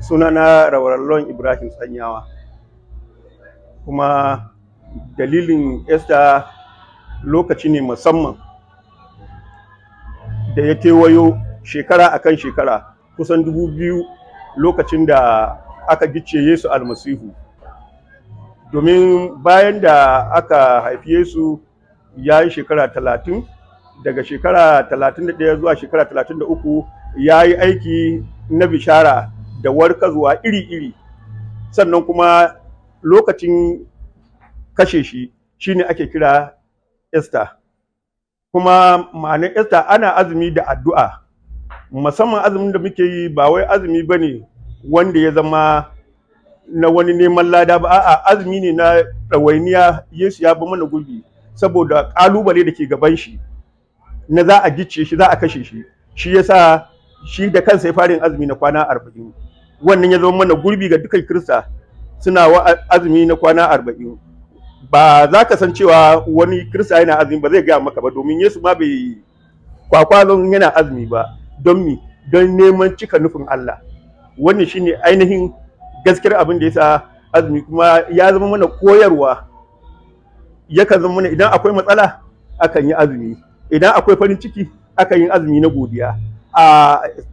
sunana rawarallon ibrahim sanyawa kuma dalilin esta lokaci ne musamman da ya kewayo shekara akan shekara kusan dubu biyu lokacin da aka gice yesu almasihu domin bayan da aka haifi yesu ya yi shekara talatin daga shekara talatin da ɗaya zuwa shekara talatin da uku ya yi aiki na bishara da warkazwa iri-iri sannan kuma lokacin kashe shi shine ake kira Esther kuma ma'anin Esther ana azumi da addu'a musamman azumin da muke yi ba wai azumi ba ne wanda ya zama na wani neman lada ba a'a azumi ne na ɗawainiya Yesu ya ba mana gurbi saboda ƙalubale da ke gaban shi na za a gice shi za a kashe shi shi yasa shi da kansa ya fara yin azumi na kwana arba'in wannan ya zama mana gurbi ga dukkan kirista suna azumi na kwana arba'in ba za ka san cewa wani kirista yana azumi ba zai gaya maka ba domin yesu ma bai kwakwalon yana azumi ba don mi don neman cika nufin allah wannan shine ainihin gaskiyar abin da ya sa azumi kuma ya zama mana koyarwa yakan zama mana idan akwai matsala akan yi azumi idan akwai farin ciki akan yi azumi na godiya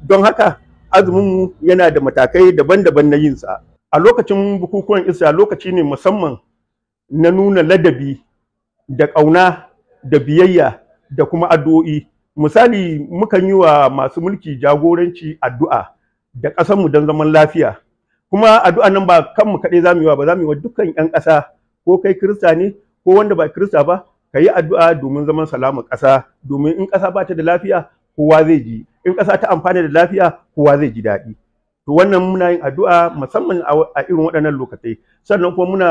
don haka azumin yana da matakai daban-daban na yinsa a lokacin bukukuwan isra lokaci ne musamman na nuna ladabi da ƙauna da biyayya da kuma addu'o'i misali mukan yi wa masu mulki jagoranci addu'a da ƙasarmu don zaman lafiya kuma addu'a nan ba kanmu kaɗai za mu yi wa ba za mu yi wa dukkan 'yan ƙasa ko kai kirista ne ko wanda ba kirista ba ka yi addu'a domin zaman salamun ƙasa domin in ƙasa ba ta da lafiya kowa zai ji in ƙasa ta amfani da lafiya kowa zai ji daɗi to wannan muna yin addu'a musamman a irin waɗannan lokacai sannan kuma muna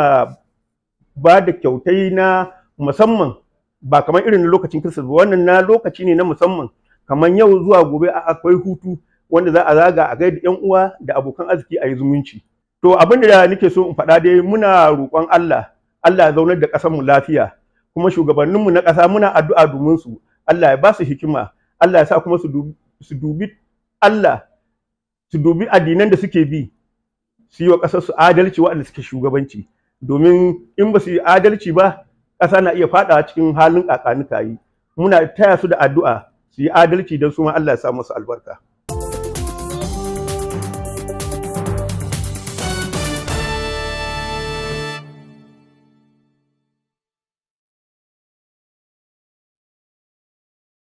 ba da kyautai na musamman ba kamar irin lokacin Kirsimeti ba wannan na lokaci ne na musamman kamar yau zuwa gobe akwai hutu wanda za a zaga a gaida yan uwa da abokan arziki a yi zumunci to abin da nake so in faɗa dai muna roƙon Allah Allah ya zaunar da ƙasar lafiya kuma shugabanninmu na ƙasa muna addu'a domin su Allah ya ba su hikima Allah ya sa kuma su su dubi Allah su dubi addinan da suke bi su yi wa ƙasar su adalci waɗanda suke shugabanci domin in ba su yi adalci ba ƙasa na iya faɗawa cikin halin ƙaƙanuka yi muna taya su da addu'a su yi adalci don su ma Allah ya sa musu albarka